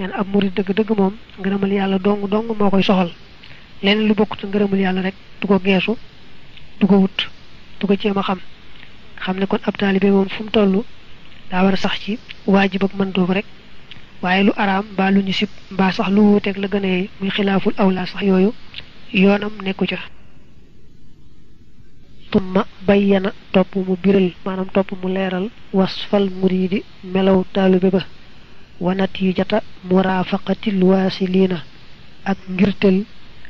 neen ab murid dëgg-dëgg moom ngërëmal yàlla dong dong moo koy soxal leneen lu bokk ci ngërëmal yàlla rek du ko geesu du ko wut du ko jéem a xam xam ne kon ab taalibe moom fu mu toll daa war a sax ci waajib ak mandoob rek waaye lu araam mbaa lu ñu sib mbaa sax lu wuuteeg la gën a yey muy xilaaful awlaa sax yooyu yoonam nekku ca tumma bayyana topp mu biral maanaam topp mu leeral wasfal muridi melaw taalibe ba wa natijata murafaqatil wasilina ak ngirtel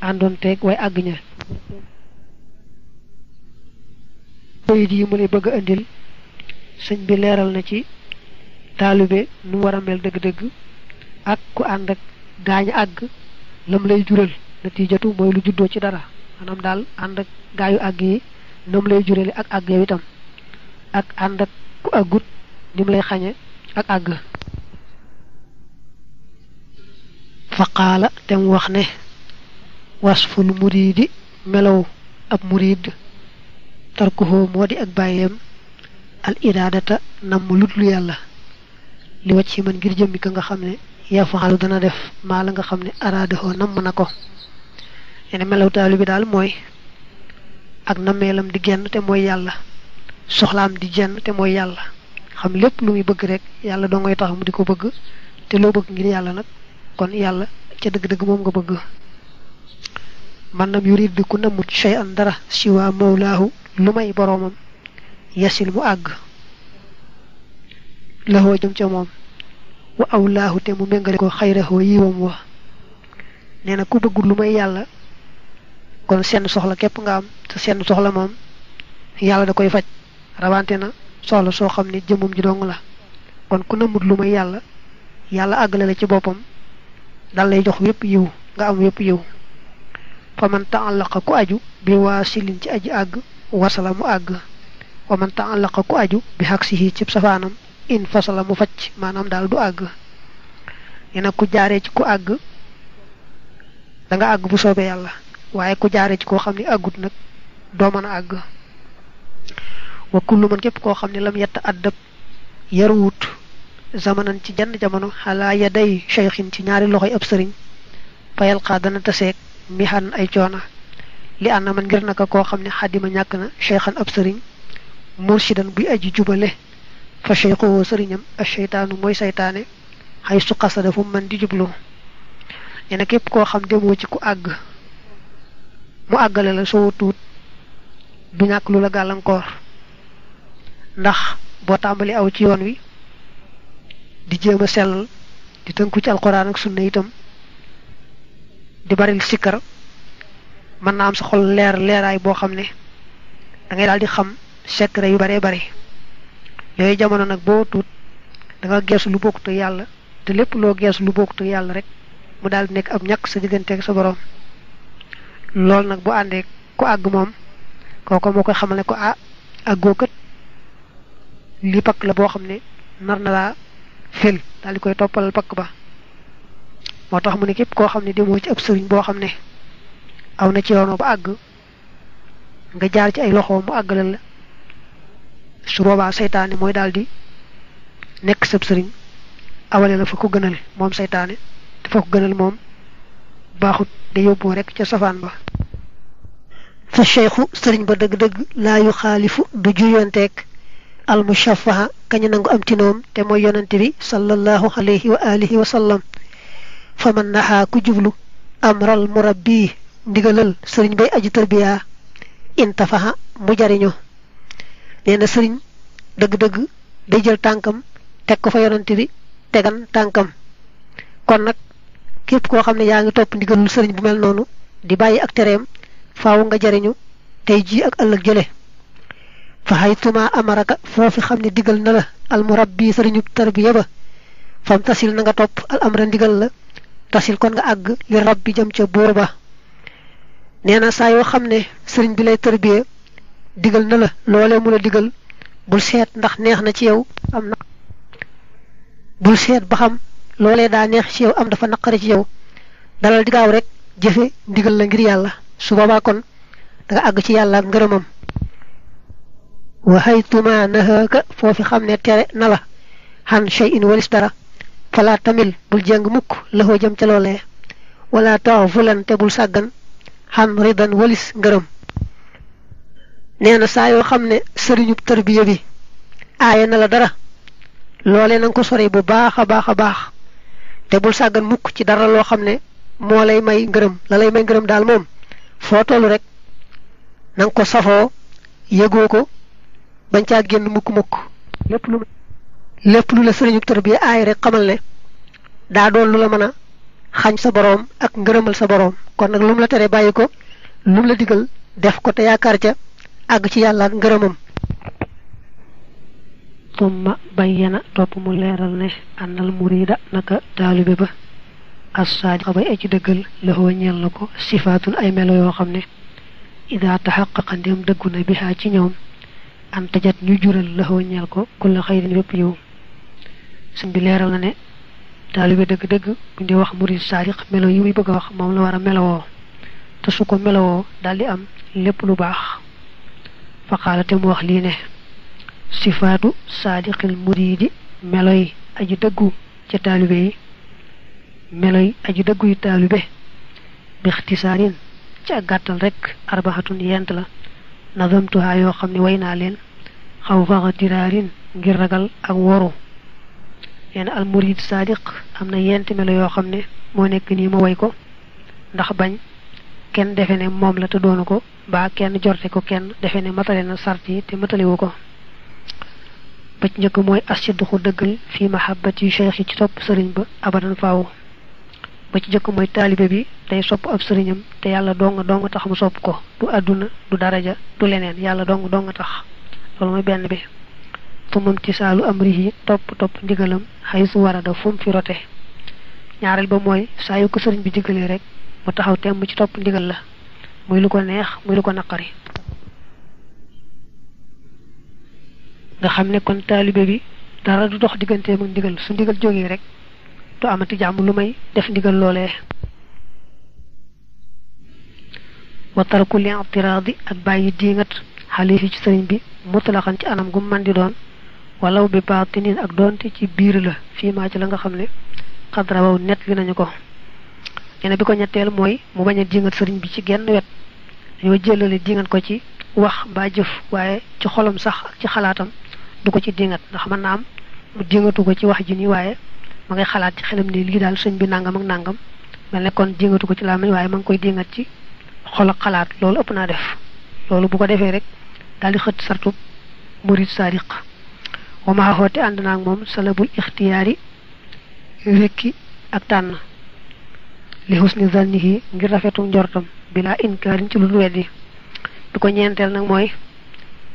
àndoonteeg way àgg ña bayit yi mu lay bëgg a indil sëñ bi leeral na ci taalibe nu mu war a mel dëgg-dëgg ak ku ànd ak gaañ àgg lam lay jural natiijatu mooy lu juddoo ci dara maanaam daal ànd ak gaayu àgg yi nam lay jurale ak àgg yow itam ak ànd ak ku àggut ni lay xañe ak àgg faqala qaala tem wax ne wasful muridi melaw ab murid tarkuhu modi ak bayem al iradata nam lutlu yalla li wacc man ngir jëmmi ka nga xamne ya faalu dana def ma nga xamne ho nam nako ene melaw talibi dal moy ak namelam di genn te moy yalla soxlam di genn te moy yalla xam lepp lu muy bëgg rek yalla do ngoy tax mu diko bëgg te lo bëgg ngir yalla nak kon yalla ci deug deug mom nga bëgg man nam yurid ku namut shay'an dara siwa mawlaahu lu may boroomam yasil mu àgg lahoo jëm ci mom wa awlahu te mu méngale ko xayrahoo yiwam wa neena ku bëgg lumay yalla kon sen soxla kep nga am te sen soxla mom yalla da koy fajj rawante na soxla so xamni jëmum ji dong la kon ku namut lu may yalla yàlla àggale la ci bopam dal lay jox yep yiw nga am yep yiw fa man ta'allaqa ku aju bi wasilin ci aji ag wasala mu ag wa man ta'allaqa ku aju bi haksihi ci safanam in fasala mu facc manam dal du ag ina ku jare ci ku ag da nga ag bu sobe yalla waye ku jare ci ko xamni ne nak do man ag wa kullu man kep ko xamni lam yatta adab zamanan ci jand jamono xalaa ya day cheikhin ci ñaari loxoy ab sëriñ fayal xaa dana taseeg mihan ay coona li ànd man ngir naka koo xam ne xadima ñàkk na cheikhan ab sëriñ mursidan buy aji jubale fa cheikhuwoo sëriñam ak seytaanu mooy seytaane xay su xasada fu man di jubloo nee képp koo xam demoo ci ku àgg mu àggale la soo tuut du ñàkk lu la gàllankoor ndax boo tàmbali aw ci yoon wi di jema sel di tënku ci alquran ak sunna itam di baril sikkar man na am sa xol leer leeraay boo xam ne da ngay daldi xam secret yu bare bare yooyu jamono nag boo tuut da nga lu yàlla te lépp loo lu yàlla rek mu daal abnyak nekk ab ñàkk sa ak sa borom lool nag bu àndee ku àgg moom kooko moo koy xamal ko ah àggoo a li lipak la boo xam nar na laa fël daal di koy toppalal pakk ba moo tax mu ne képp koo xam ne demoo ci ab sëriñ boo xam ne aw na ci yoonoo ba àgg nga jaar ci ay loxo mu àggalal la su boobaa seytaane mooy daal di nekk sab sëriñ awale la fa ko gënal moom seytaane te fa ko gënal moom baaxut da yóbboo rek ca safaan ba fa cheikhu sëriñ ba dëgg-dëgg laa yu xaalifu du juyanteeg almushafaha kañu nangu am ci noom te mooy yonante bi sallallahu alayhi wa alihi wa sallam faman naha ku jublu amral murabbi ndigalal sëriñ bay aji tarbiya intafaha mu jariñu neena sëriñ dëgg dëgg day jël tànkam teg ko fa yonante bi tegan tànkam kon nag képp koo xam ne yaa ngi topp ndigalul sëriñ bu mel noonu di bàyyi ak tereem faaw nga jariñu tey ji ak ëllëg jële fa haytuma amaraka fofu xamni digal na la al murabbi serignub tarbiya ba fam tasil na nga top al amra digal la tasil kon nga ag li rabbi jam ca bor ba neena sa yo xamne serigne bi lay tarbiya digal na la lolé mu la digal bul set ndax neex na ci yow am na bul set ba xam lolé da neex ci yow am dafa naqari ci yow dalal di gaaw rek jëfé digal la ngir yalla su boba kon da nga ag ci yalla ak wa haytuma nahaaka foofi xam ne tere na la xan shay in walis dara fala tamil bul jeng mukk laxoo jëm ca loolee wala tax te bul sàggan xan ridan walis ngërëm nee na saa yoo xam ne sëriñub tarbiya bi aaye na la dara loolee na ko sore bu baax a baax a baax te bul sàggan mukk ci dara loo xam ne moo lay may ngërëm lalay may ngërëm daal moom foo toll rek na nga ko safoo yëgoo ko bañ caa génn mukk-mukk lépp lu lépp lu la sëriñu tarbiya aay rek xamal ne daa doon lu la mën a xañ sa boroom ak ngërëmal sa boroom kon nag lu la tere bàyyi ko lu la digal def ko te yaakaar ca àgg ci yàlla ak ngërëmam summa bayyana topp mu leeral ne ànnal murida naka taalibe ba assaadi xabay aji dëggal laxoo ñeel na ko sifaatun ay melo yoo xam ne ida taxaqaqa ndéem dëggu na bihaa ci ñoom an tajat ñu jural ho ñal ko kul khayr bépp yiw sun bi leral na ne talibé deug deug bu di wax murid sariq melo yi muy bëgg wax mom la wara melo melowoo su ko melowoo daal di am lepp lu bax fa qalat mu wax li ne muridi meloy aji dëggu ci meloy aji dëggu yu talibé bi ikhtisarin ci gattal rek arbahatun yent la nazamtuha yoo xam ne way naa leen xaw faxa diraarin ngir ragal ak woru nee na al murid sadiq am na yenti melo yoo xam ne moo nekk nii ma way ko ndax bañ kenn defe ne moom la te doonu ko baa kenn jorte ko kenn defe ne matale na sart yi te matalewu ko ba ci njëkk mooy assidduxu dëggal fii mahabbati cheikh yi ci topp sëriñ ba abadan faaw ba ci jëkk mooy taalibe bi day sopp ab sëriñam te yàlla dong dong tax mu sopp ko du àdduna du daraja du leneen yàlla dong dong tax loolu mooy benn bi tumam ci saalu amrihi topp topp ndigalam xay su da fum fi rote ñaareel ba mooy saa yu ko sëriñ bi digalee rek mu taxaw temm ci topp ndigal la muy lu ko neex muy lu ko naqari nga xam ne kon taalibe bi dara du dox digganteem ak ndigal su ndigal jógee rek to amati jam lu may def ndigal lolé wa tarku li i'tiradi ak bayyi diingat halifi ci serigne bi mutlaqan ci anam gum man di doon walaw bi batinin ak donti ci biir la fi ma ci la nga xam qadra wa net li nañu ko ene bi ko ñetteel mu baña diingat bi ci genn wet ñoo jëlale diingat ko ci wax ba jëf waye ci xolam sax ak ci xalaatam du ko ci diingat ndax man naam mu diingatu ko ci wax ji ni waye ma ngay xalaat ci xelam ni lii daal sëñ bi nangam ak nangam mel ne kon jéngatu ko ci làmmiñ waaye ma ngi koy jéngat ci xol ak xalaat loolu ëpp naa def loolu bu ko defee rek daal di xët sartu murid sadiq wa ma xoote ànd naa moom salabul ixtiyaari wekki ak tànn li husni zannihi ngir rafetum njortam bila inkaarin ci lu weddi bi ko ñeenteel nag mooy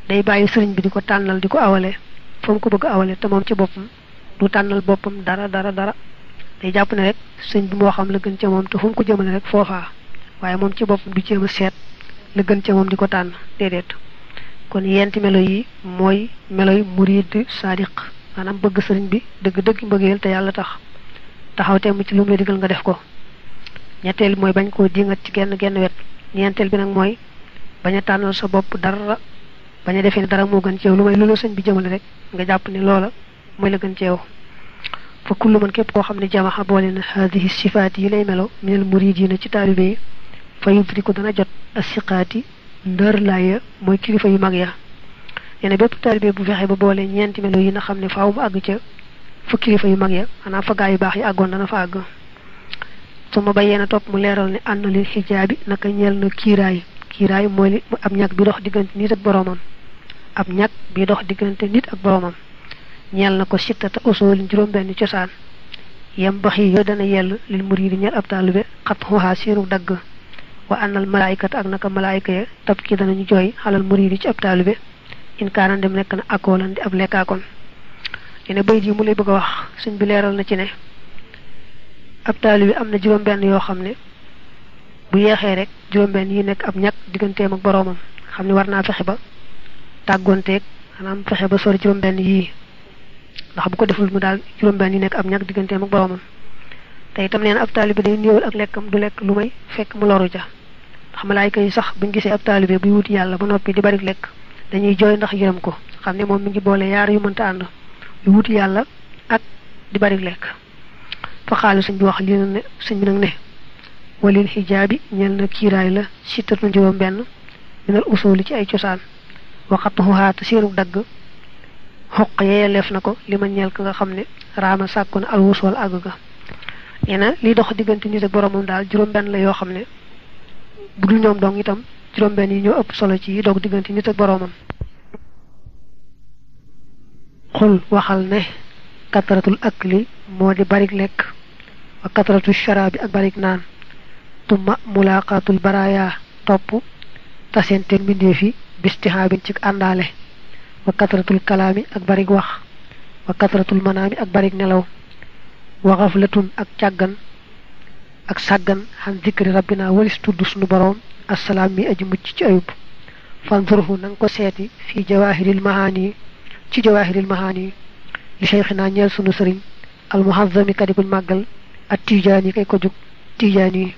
day bàyyi sëriñ bi di ko tànnal awale fa ko bëgg awale te moom ci boppam du tànnal boppam dara dara dara day jàpp ne rek sëñ bi moo xam la gën ca moom te fu mu ko jëmale rek foofaa waaye moom ci boppam du jéem a seet la gën ca moom di ko tànn déedéet kon yent melo yi mooy melo yi murid sadiq maanaam bëgg sëriñ bi dëgg dëgg mbëggeel te yàlla tax taxaw temm ci lu mu la digal nga def ko ñetteel bi mooy bañ koo dingat ci genn genn wet ñeenteel bi nag mooy bañ a tànnal sa bopp dara bañ a defee dara moo gën ci yow lu may lu la sëñ bi jëmale rek nga jàpp ni loola mooy la gën ceew fa kullu man képp koo xam ne jamaxa boole na haadihi sifaat yi lay melo minal muridina ci taalibe yi fa yudriku dana jot asiqaati ndër laaya mooy kilifa yu mag ya yene bépp taalibe bu weexee ba boole ñeenti melo yi na xam ne faw mu àgg ca fa kilifa yu mag ya xanaa fa gaa yu baax yi àggoon dana fa àgg su ma bàyyee na topp mu leeral ne ànd na li xijaabi naka ñeel na kiiraay kiiraay mooy li ab ñàkk bi dox diggante nit ak boroomam ab ñàkk bi dox diggante ak boroomam ñeel na ko sittata usul juróom benn cosaan yam bax yi yoo dana yell lil muridi ñeel ab taalibe xat xuxaa seenu dagg wa àndal malaayikata ak naka malaayika ya tab ki danañu jooy xalal muridi ci ab taalibe bi kaana dem nekk na akoolan di ab lekkaakoon ne bayit yi mu lay bëgg a wax suñ bi leeral na ci ne ab bi am na juróom benn yoo xam ne bu yeexee rek juróom benn yi nekk ab ñàkk digganteem ak boroomam xam ne war naa fexe ba tàggoonteeg xanaa fexe ba sori juróom benn yii ndax bu ko deful mu daal juróom-benn yi nekk am ñàkk digganteem ak boromam te itam nee na ab taalibe day néewal ak lekkam du lekk lu may fekk mu loru ja ndax malaayka yi sax bu buñ gisee ab taalibe buy wuti yàlla ba noppi di bari lekk dañuy jooy ndax yërëm ko xam ne moom mi ngi boole yaar yu mënta ànd yu wuti yàlla ak di bari lekk fa xaalu sëñ bi wax li ne sëñ bi nag ne walil xijaabi ñel na kiiraay la sittatun juróom benn minal usuli ci ay cosaan waxattuxuhaa te séeruk dagg xoq yeeleef na ko li ma ñeel ka nga xam ne raama sàkku na alwusul àgg ga nee na liy dox diggante nit ak boromam daal juróom-benn la yoo xam ne bu dul ñoom dong itam juróom-benn yi ñoo ëpp solo ci yi dox diggante nit ak boromam. xul waxal ne kataratul akli moo di barik lekk wa kataratul sharaabi ak barik naan tumma mulaaqaatul baraaya topp tasente mbindeef yi bistihaabin ci àndaale wa katratul kalaami ak barig wax wa katratul manaami ak barig nelaw wa xaflatun ak càggan ak sàggan xan zikri rabbina walis tudd sunu boroom assalaam mi aji mucc ci ayub fanzurhu na nga ko seeti fii jawahiril mahaani ci jawahiril mahaani li cheikhina ñeel sunu sëriñ al muhazzami kadi kuñ màggal ak kay ko jug tijaani yi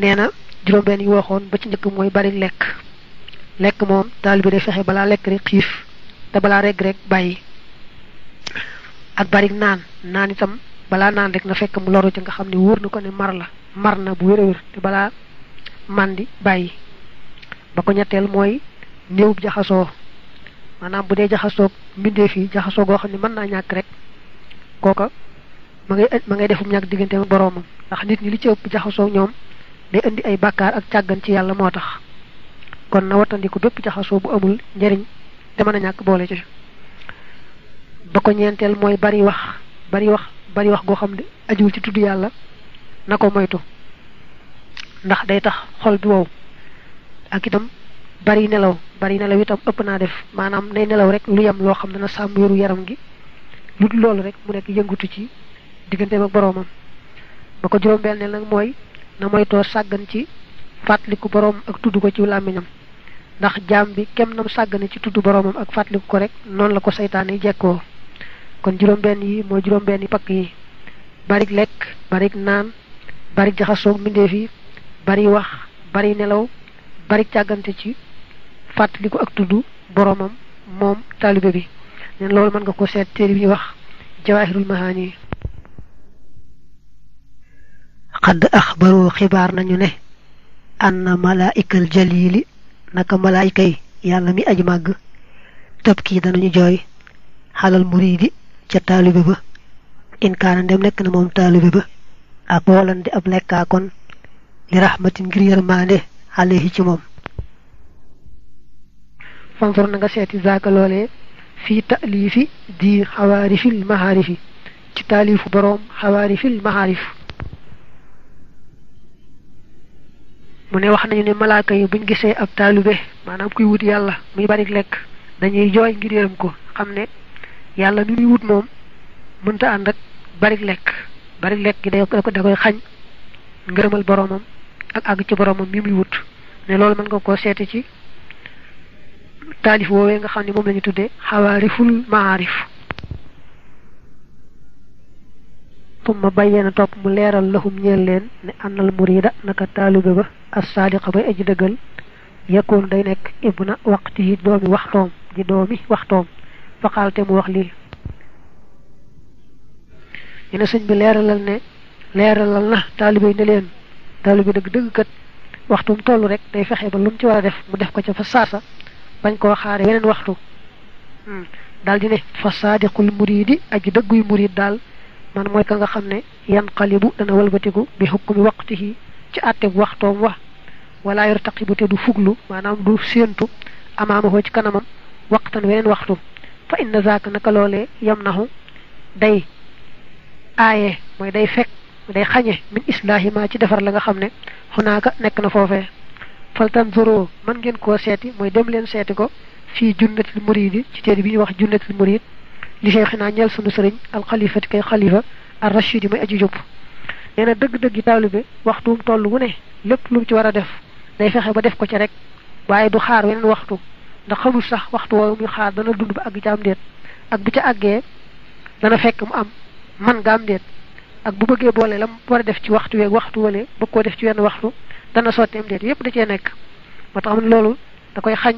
nee na yi waxoon ba ci njëkk mooy bari lekk lek mom taalibe day fexé bala lek rek xif te bala rek rek bayyi ak bari naan naan itam bala naan rek na fekk mu loru ci nga xamni ne mar la mar na bu wéré wér te bala mandi bayyi ba ko ñetteel mooy néewub jaxasoo maanaam bu dé jaxaso mbindee fi jaxaso go xamni man na ñak rek koka ma ngay ma ngay defum ñak digënté borom ndax nit ñi li ci ëpp jaxaso ñom day indi ay bakkar ak càggan ci yalla motax kon na watandiku bépp jaxasoo bu amul njariñ dama na a ñàkk boole ci ba ko ñeenteel mooy bari wax bari wax bari wax goo xam ne ajiwul ci tudd yàlla na ko moytu ndax day tax xol bi wow ak itam bari nelaw bari nelaw itam ëpp naa def maanaam nay nelaw rek lu yem loo xam ne na sàmm yoru yaram gi lu dul loolu rek mu nekk yëngutu ci digganteem ak boroomam ba ko juróom ne nag mooy na moytoo sàggan ci fàttaliku borom ak tudd ko ci làmmiñam ndax jambi bi kem nam sàggane ci tudd boromam ak fàttaliku ko rek noonu la ko seytaane jekkoo kon juróom benn yi mooy juróom benn pakk yi barik lek barik nan barik jaxasoog mbindeef fi bari wax bari nelaw barik càggante ci fàttaliku ak tudd boromam mom taalibe bi neen loolu man nga ko seet téere bi wax jawahirul mahani qad akhbaru xibaar nañu ne anna malaika aljalili naka malaayika yi yàlla mi aji màgg topp kii danañu jooy xalal muridi ca taalibe ba in kaana ndem nekk na moom taalibe ba ak di ab lekkaa kon li rahmatin ngir yërmaande alayhi ci moom fanfor na nga seeti zaaka loolee fi ta'lifi di xawaarifil maharifi ci taalifu boroom xawaarifil maharifi mu ne wax nañu ne malaaka yi buñ gisee ab taalube maanaam kuy wut yàlla muy bari lekk dañuy jooy ngir yërëm ko xam ne yàlla lu muy wut moom mënta ànd ak bari lekk bari lekk da ko da koy xañ ngërëmal boromam ak àgg ci boromam mi muy wut ne loolu mën nga koo seeti ci taalif woowee nga xam ne moom la ñu tuddee xawaariful maarif thumma bayyana top mu leral lahum ñeel leen ne annal murida naka talube ba as sadiqa bay aji deugal yakun day nek ibna waqtihi doomi waxtoom di doomi waxtoom faqalte mu wax li ñu señ bi leralal ne leralal na talibé ne len tali deug deug kat waxtum tollu rek day fexé ba lum ci wara def mu def ko ci fa sasa bañ ko xaaré waxtu dal di ne fa sadiqul muridi aji degguy murid dal man moy ka nga xamne yanqalibu dana walbatiku bi hukmi waqtihi ci atte waxtoom wa wala yartaqibu tadu fuglu manam du sentu amama ho ci kanamam waqtan weneen waxtu fa inna zaaka naka lole yamnahu day aye moy day fek day xagne min islahi ma ci defar la nga xamne hunaka nek nekk na foofee faltan zoro man ngeen ko seti moy dem len seti ko fi jundatul muridi ci téere bi ñuy wax jundatul murid لشيخنا نيال سونو سيرن الخليفه كي خليفه الرشيد مي اجي جوب نينا دغ دغ طالب وقتوم تولو وني لب لوم تي ورا ديف داي فخه با ديف كو تي ريك واي دو خار وين وقتو دا خمو صح وقتو و مي خار دا نا دوند با اك جام ديت اك بو تي دا نا فك مو ام مان گام ديت اك بو بوجي بولي لام ورا ديف تي وقتو و وقتو ولي بو ديف تي وين وقتو دا نا سوتيم ديت ييب دا تي نيك ما تام لولو دا كوي خاج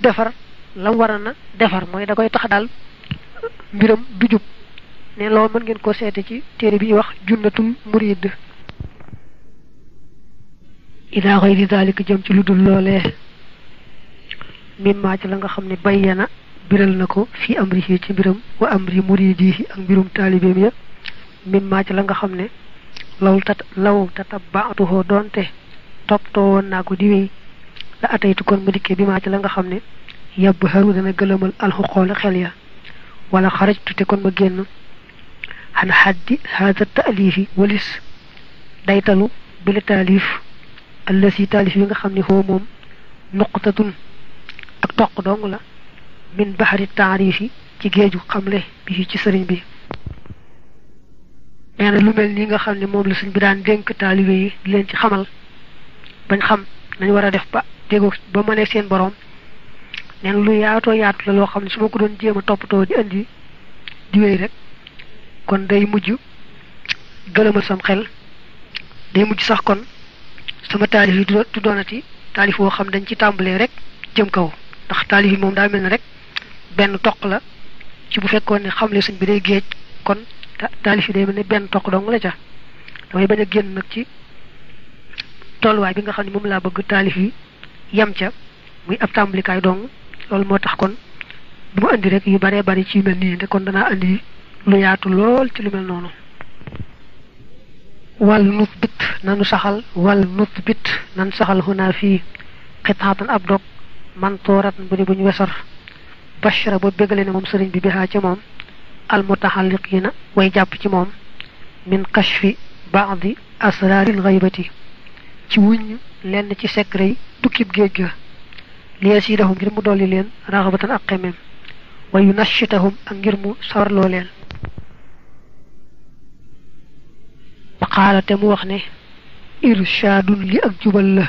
دفر لام ورانا دفر موي دا كوي تخ دال mbiram du jub ne loolu mën ngeen ko seete ci téere bi ñuy wax junnatul murid ila xayri dalik jëm ci lu dul loolee mimmaa ci la nga xam ne bayyana biral na ko fii amrihi ci mbiram wa amri muridihi ak mbirum taalibeem ya mimmaa ci la nga xam ne law tat law tatabaatuhoo doonte toppatoo woon naa ko di wéy la ataytu kon ma dikkee bi maa ci la nga xam ne yàbb xaru dana gëlëmal alxuqoole xel ya ولا خرجت تكون مجنن عن حد هذا التأليف ولس ديتلو بالتأليف الذي تأليف من خمني هوموم نقطة تقطق دونغلا من بحر التعريف كي جيجو خمله بيه جسرين بيه نحن يعني لومل نيغا خمني موم لسن بران دينك تأليفي لين تخمل بان خم نيوارا ديف با ديغو بمانيسين بروم neen lu yaatoo yaatu la loo xam ne su ma ko doon jéema a toppatoo di indi di wéy rek kon day mujj gëlëmal sam xel day mujj sax kon sama taalif yi du doonati taalif woo xam dañ ci tàmbalee rek jëm kaw ndax taalif yi moom daal mel na rek benn toq la ci bu fekkoon ne xam xamle sëñ bi day géej kon taalif yi day mel ne benn toq dong la ca damay bañ a génn nag ci tolluwaay bi nga xam ne moom laa bëgg taalif yi yam ca muy ab tàmbalikaay dong lol motax kon bu andi rek yu bare bare ci melni mel kon dana andi lu yaatu lol ci lu mel nonu wal nusbit nanu saxal wal nusbit nan saxal huna fi qitatan abdok man torat bu ne buñ wesar bashra bo bégale ne mom serigne bi biha ci mom al mutaxalliqiina way jàpp ci mom min kashfi baadi asraaril ghaibati ci wuñu len ci secret yi tukkib géej ليزيدهم غير مدولي لين رغبة أقيمهم وينشتهم أن غير مصور لولين وقال تموخني إرشاد لأجوب الله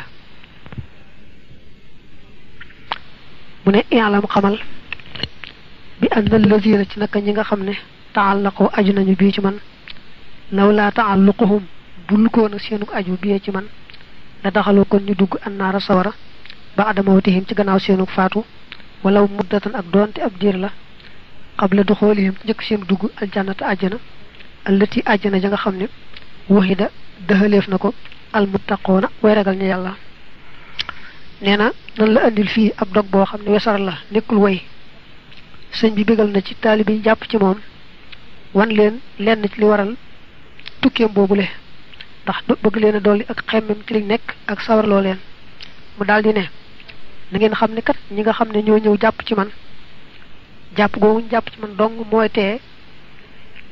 من إعلام قمل بأن الذين تنكا نيغا خمني تعلقوا أجنا نبيج من لو لا تعلقهم بلقون سينك أجوبية من لدخلوا كن يدوك النار صورة ba adama watihim ci gannaaw seenu faatu walaw muddatan ak donte ab diir la qabla dukhulihim jek seen dugg aljannata aljana allati aljana ja nga xamne wahida waxida nako na ko way ragal ni yalla neena na nan la andil fi ab dog bo xamne wesar la nekul way sëñ bi begal na ci talibi japp ci mom wan len len ci li waral tukkeem boobule ndax bëgg doli ak xemem ci li nek ak lo len mu daldi ne na ngeen xam ne kat ñi nga xam ne ñoo ñëw jàpp ci man jàpp googu ñu jàpp ci man dong mooy tee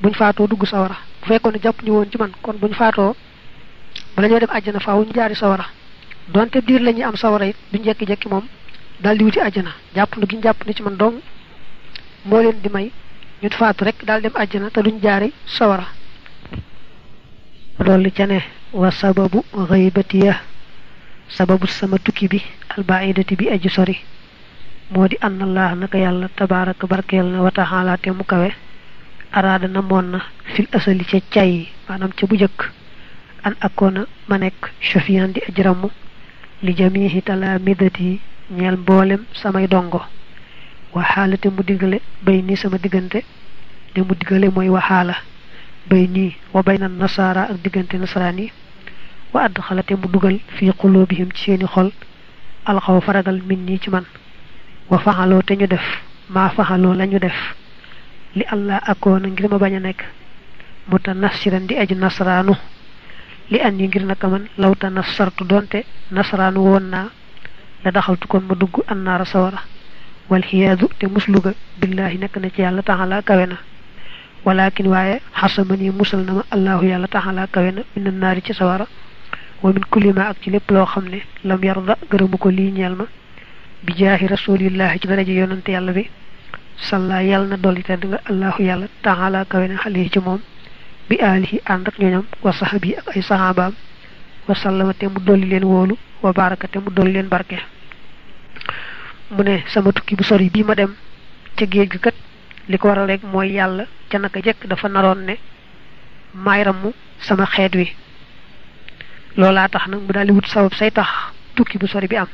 buñ faatoo dugg sawara bu fekkoon ne jàpp ñu woon ci man kon buñ faatoo bala ñoo dem àjjana faaw ñu jaari sawara donte diir la ñuy am sawara it duñ jekki-jekki moom daal di wuti àjjana jàpp na gi ñu jàpp ni ci man dong moo leen di may ñu faatu rekk daal dem àjjana te duñ jaari sawara loolu ca ne wa sababu xëybatiya sababu sama tukki bi albaidati bi aji sori moo di ann allah naka yàlla tabaraka barkeel na wa mu kawe araada na moon na fil asali ca cay maanaam ca bu jëkk an akkoona ma nekk chafian di aji ramm li jamihi talamidati ñeel mboolem samay dongo waxaalate mu diggale bay nii sama diggante ne mu diggale mooy waxaala bay nii wa bay na nasaara ak diggante nasaraan فادخلت مو دوغال في قلوبهم سي ني خول الخوف رغال مني سي مان وفعلوا تي ني ما فعلوا لا ني ديف لي الله اكون غير ما باغي نيك متنصرن دي اج نصرانو لاني غير نك من لو تنصرت دونت نصرانو وننا لا دخلت كون ما دوغ النار سورا والحياد تي مسلوغ بالله نك نك يالله تعالى كوينا ولكن واي حسبني مسلم الله يالله تعالى كوينا من النار تي سوارا wa min kulli ma ak ci lepp lo xamne lam yarda gëremu ko li ñal ma bi jaahi rasulillah ci ji yonante yalla bi salla yalla na doli te nga allah yalla ta'ala kawena xali ci mom bi alihi and ak wa sahabi ak ay sahaba wa sallama te mu doli len wolu wa baraka te mu doli len barke mu ne sama tukki bu sori bi ma dem ci geej gi kat liko waral rek moy yalla ca naka jek dafa naron ne sama xet wi loola tax nag mu daldi wut sabab say tax tukki bu sori bi am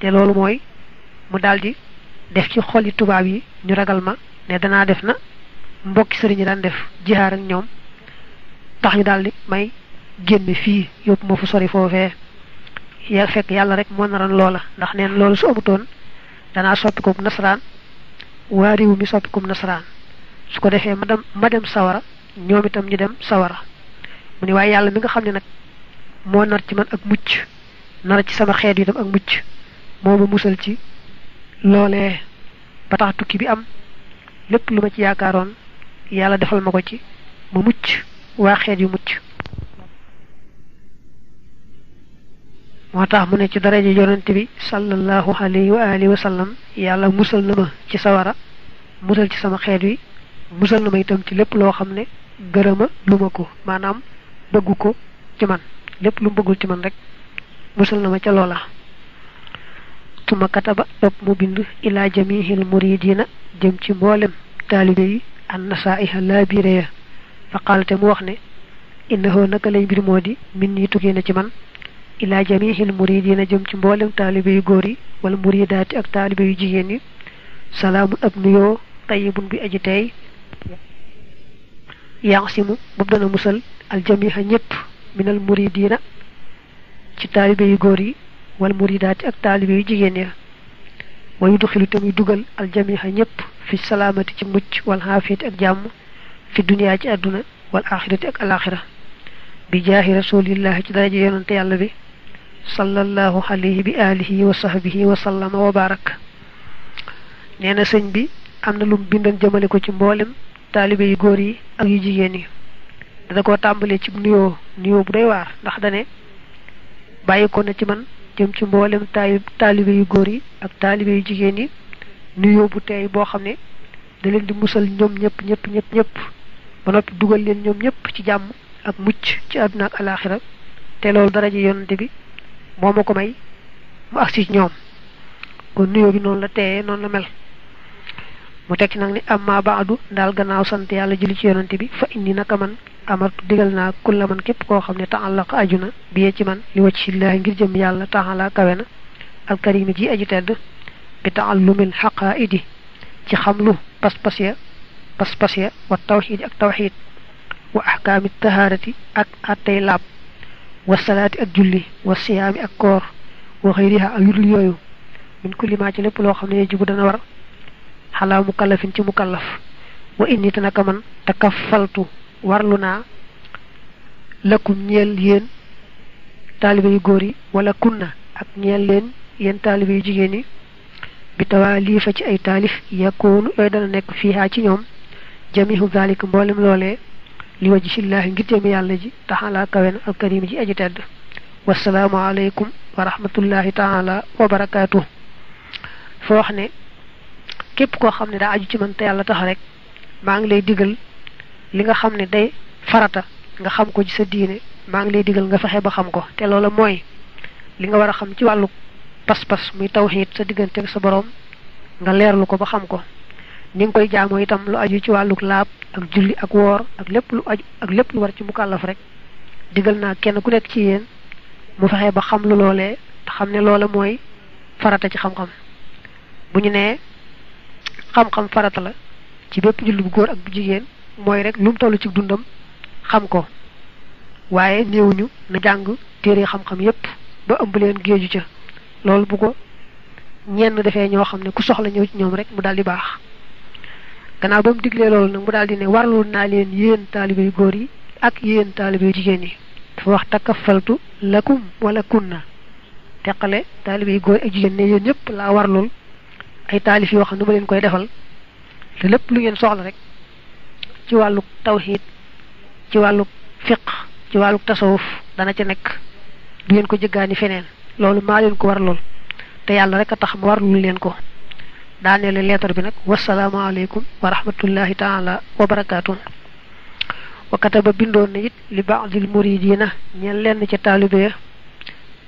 te loolu mooy mu daldi def ci yi tubaab yi ñu ragal ma ne danaa def na mbokki sëriñ yi daan def jihaar ak ñoom tax ñu daldi may génn fii yóbbu ma fu sori foofee ya fekk yàlla rek moo naran loola ndax neen loolu su amutoon danaa soppikoog nasaraan waa réew mi nasaraan su ko defee ma dem ma dem sawara ñoom itam ñu dem sawara mu ne waaye yàlla mi nga xam ne moo nar ci man ak mucc nar ci sama xeet yi tam ak mucc moo ma musal ci loolee ba tax tukki bi am lépp lu ma ci yaakaaroon yàlla defal ma ko ci ma mucc waa xeet yu mucc moo tax mu ne ci daraja yonent bi sallallahu alayhi wa alihi wa yàlla musal na ma ci sawara musal ci sama xeet wi musal na ma itam ci lépp loo xam ne gërëma lu ma ko maanaam bëggu ko ci man lépp lu mu bëggul ci man rek musal na ma ca loola suma kataba topp mu bind ilaa jamihil muridina jëm ci mboolem taalibe yi an nasaiha laa biire ya fa xaalte mu wax ne innahoo naka lay mbir moo di min ñi tukkee na ci man ilaa jamihil muridina jëm ci mboolem taalibe yu góor yi wala muridaati ak taalibe yu jigéen yi salaamun ab nuyoo tayibun bi aji tey mu boobu dana musal aljamiha ñëpp min al muridina ci talibé yu góor yi wal muridaati ak talibé yu jigéen ya wa yudxilu tam yu dugal al jamiha ñëpp fi salaamati ci mucc wal xaafiyati ak jàmm fi duniyaa ci àdduna wal axirati ak alaxira bi jaahi rasulillahi ci daraja yonante yàlla bi sallallahu alayhi bi alihi wa sahbihi wa sallama wa barak nee na sëñ bi am na lu mu bindoon jëmale ko ci mboolem taalibe yu góor yi ak yu jigéen yi da ko tàmbalee ci niyo nuyoo bu doy waar ndax dane bàyyi kon na ci man jëm ci mboolem taalibe yu góor yi ak taalibe yu jigéen yi nuyoo bu teey boo xam ne da leen di musal ñoom ñëpp ñëpp ñëpp ñëpp ba noppi dugal leen ñoom ñëpp ci jàmm ak mucc ci àdduna ak alaaxira te loolu daraja yonante bi moo ma ko may mu agsi ñoom kon nuyoo bi noonu la teeyee noonu la mel mu tek nak ni amma ba'du dal gannaaw sant yalla julli ci yonenti bi fa indi naka man amar digal na kulla man kep ko xamne ta'allaq ajuna biye ci man li wacc allah ngir jëm yalla ta'ala kawena al karim ji aji tedd bi ta'allumil haqa'idi ci xamlu pas pas ya pas pas ya wa tawhid ak tawhid wa ahkam at-taharati ak atay lab wa salati ak julli wa siyami ak kor wa ghayriha ak yul yoyu min kulli ma ci lepp lo xamne jibu dana war xalaa mukallafin ci mukallaf wa inni te naka man takaffaltu warlu naa lakum ñeel yéen taalibe yu góor yi wala kunna ak ñeel leen yéen taalibe yu jigéen yi bi tawaalifa ci ay taalif yakoonu ay dana nekk fiihaa ci ñoom jamihu zalik mboolem loolee li wajhillaahi ngir jëmi yàlla ji taxalaa kawen alkarim ji aji tedd wasalaamu aleykum wa rahmatullahi taala wa ne képp koo xam ne daa aju ci man te yàlla tax rek maa ngi lay diggal li nga xam ne day farata nga xam ko ci sa diine maa ngi lay digal nga faxe ba xam ko te loola mooy li nga war a xam ci wàllu pas-pas muy taw tawxiid sa diggante sa borom nga leer lu ko ba xam ko ni nga koy jaamoo itam lu aju ci wàlluk laab ak julli ak woor ak lépp lu aju ak lépp lu war ci mukallaf rek digal naa kenn ku nekk ci yéen mu faxe ba xam lu loole xam ne loola mooy farata ci xam-xam xam-xam farata la ci bépp jullu bu góor ak bu jigéen mooy rek lu tollu ci dundam xam ko waaye néewuñu na jàng téere xam-xam yépp ba ëmb leen géeju ca loolu bu ko ñenn defee ñoo xam ne ku soxla ñëw ci ñoom rek mu daal di baax gannaaw ba mu diglee loolu mu daal di ne warlu naa leen yéen taalibe yu yi ak yéen taalibe yu jigéen yi dafa wax takkafaltu lakum wala kunna teqale taalibe yu góor ak jigéen ne yéen ñëpp laa warlul ay taalif yoo xam ne ma leen koy defal lépp lu ngeen soxla rek ci wàllu tawxiid ci wàllu fiq ci wàllu tasawuf dana ci nekk du ngeen ko jëggaani feneen loolu maa leen ko war lool te yàlla rek a tax ma warlu leen ko daaneele leetar bi nag wasalaamaaleykum wa rahmatullahi taala wa barakaatu wa kataba bindoon na it li baadil muridina ñeen lenn ca taalibe ya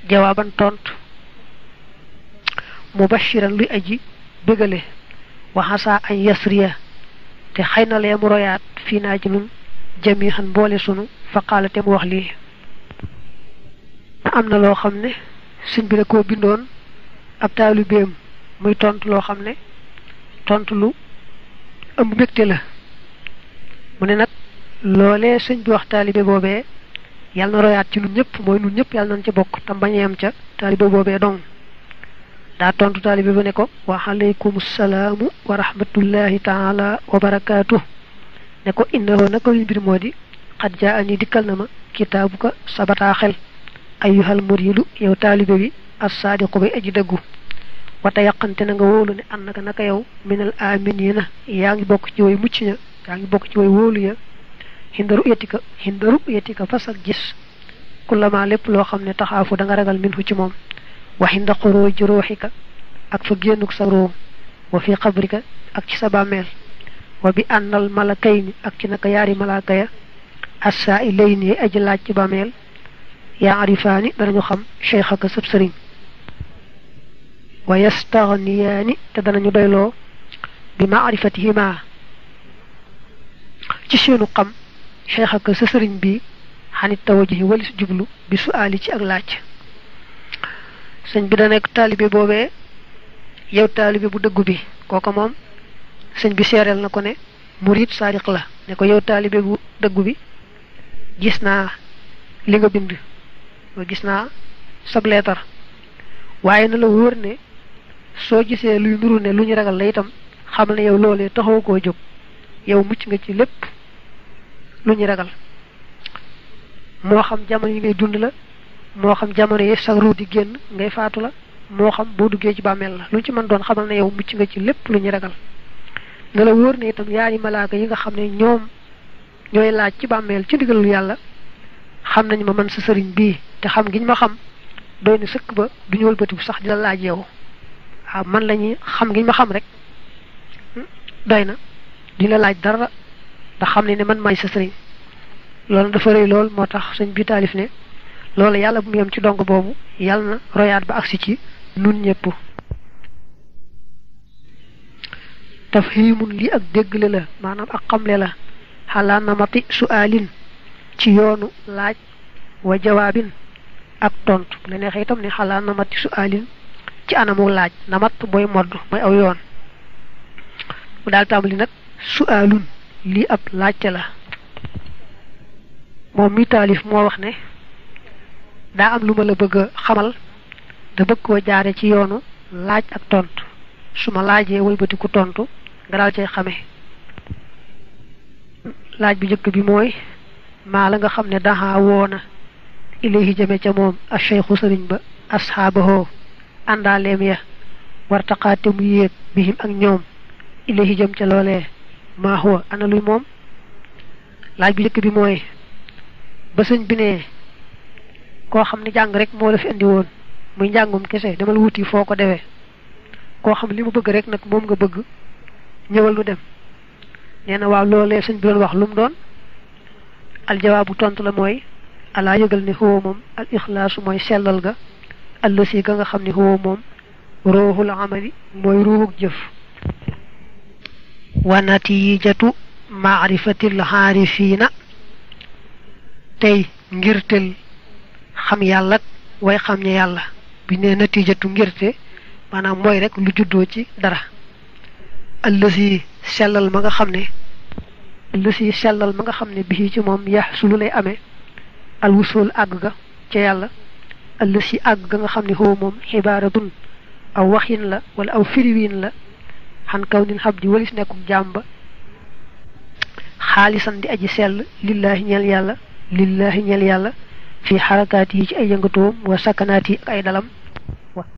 jawaaban tont mubashiran luy aji bëggale waxasaa an yasriya te xëy na lee mu royaat fii naa ci nun jami xan mboole sunu faqaala te mu wax lii am na loo xam ne sëñ bi da koo bindoon ab taalibeem muy tont loo xam ne tontu lu ëmb mbégte la mu ne nag loolee sëñ bi wax taalibe boobee yàlla na royaat ci lu ñëpp mooy lu ñëpp yàlla nañ ci bokk tam bañeem ca taalibe boobee dong daa tontu taalibe ba ne ko wa aleykum salaamu wa rahmatullahi taala wa ne ko innahu naka li mbir moo di xat jaa ani dikkal na ma kitaabu ko sabataa xel ayyuhal muriidu yow taalibe bi assaadiqu bay aji dëggu wata yàqante na nga wóolu ne an naka naka yow minal aminina yaa ngi bokk ci way mucc ña yaa ngi bokk ci way wóolu ya hindaru yetika hindaru yetika fasal gis kullama lépp loo xam ne taxaafu da nga ragal minhu ci moom waxinda xuruuj ruuxika ak fa génnuk sa ruum wa fi qabrika ak ci sa bàmmeel wa bi annal malakayni ak ci naka yaari malaaka ya assaa ilayni aji laaj ci bàmmeel yaarifaani danañu xam cheikhaka sab sëriñ wa yastaghniyaani te danañu doyloo bi maarifatihima ci seenu xam cheikhaka sa sëriñ bi xanit tawajuhi walis jublu bi suaali ci ak laaj sëñ bi da nekk taalibe boobee yow taalibe bu dëggu bi kooka moom sëñ bi seereel na ko ne murid saadiq la ne ko yow taalibe bu dëggu bi gis naa li nga bind ba gis naa sab leetar waaye na la wóor ne soo gisee luy nuru ne lu ñu ragal la itam xam ne yow loolee taxaw koo jóg yow mucc nga ci lépp lu ñu ragal moo xam jamono yi ngay dund la moo xam jamono yee sa ruu di génn ngay faatu la moo xam boo duggee ci bàmmeel la lu ci mën doon xamal na yow mucc nga ci lépp lu ñu ragal ne la wóor ne itam yaari malaaka yi nga xam ne ñoom ñooy laaj ci bàmmeel ci ndigalul yàlla xam nañu ma man sa sëriñ bii te xam giñ ma xam doy na sëkk ba du ñu wëlbatiku sax di la laaj ah, man la ñuy xam giñ ma xam rek hmm, doy na di la laaj dara ndax xam ne ne man maay sa sëriñ loolu dafa rëy lool moo tax sëñ bi taalif ne loolu yàlla bu mu yem ci donk boobu yàlla na royaat ba agsi ci nun ñëpp tafhimun lii ak déggle la maanaam ak xamle la xalaa namati suaalin ci yoonu laaj wa ak tontu bu la neexee itam ne xalaa namati suaalin ci anamu laaj namat booy modd mooy aw yoon mu daal tàmbali nag suaalun lii ab laajte la moom mi taalif moo wax ne daa am lu ma la bëgg a xamal da bëgg koo jaare ci yoonu laaj ak tontu su ma laajee wëlbatiku tontu nga daal cay xamee laaj bu njëkk bi mooy maa la nga xam ne daxa woona ilayhi jëme ca moom a cheikhu sëriñ ba asxaabahoo àndaaleem ya wartaqaate mu yéeg bihim ak ñoom ilayhi jëm ca loolee maa huwa ana moom laaj bu njëkk bi mooy ba sëñ bi ne ko xamni jàng rek mo la fi andi won muy njàngum kese demal wuti foko dewe ko defee koo xam li bëgg rek nak mom nga bëgg ñëwal lu dem neena waaw lolé sëñ bi doon wax lu mu doon jawabu tontu la moy ala yëgal ni ho mom al ikhlas moy selal ga allësi ga nga xamni ho mom ruhul amali moy ruhuk jëf wa natijatu ma'rifati al harifina tay ngirtel xam yàlla way xam ne yàlla bi ne natiijatu ngirte maanaam mooy rekk lu juddoo ci dara ëllësi sellal ma nga xam ne ëllësi sellal ma nga xam ne bii ci moom yax su lu lay amee alwusul àgg ga ca yàlla ëllësi àgg ga nga xam ne xoo moom xibaaratun aw waxin la wala aw firiwiin la xan kaw nin xab di walis nekkuk jaam ba xaalisan di aji sell lillaahi ñeel yàlla lillaahi ñeel yàlla fi xarakaat yi ci ay yëngatoom wa sakanaat yi ak ay dalam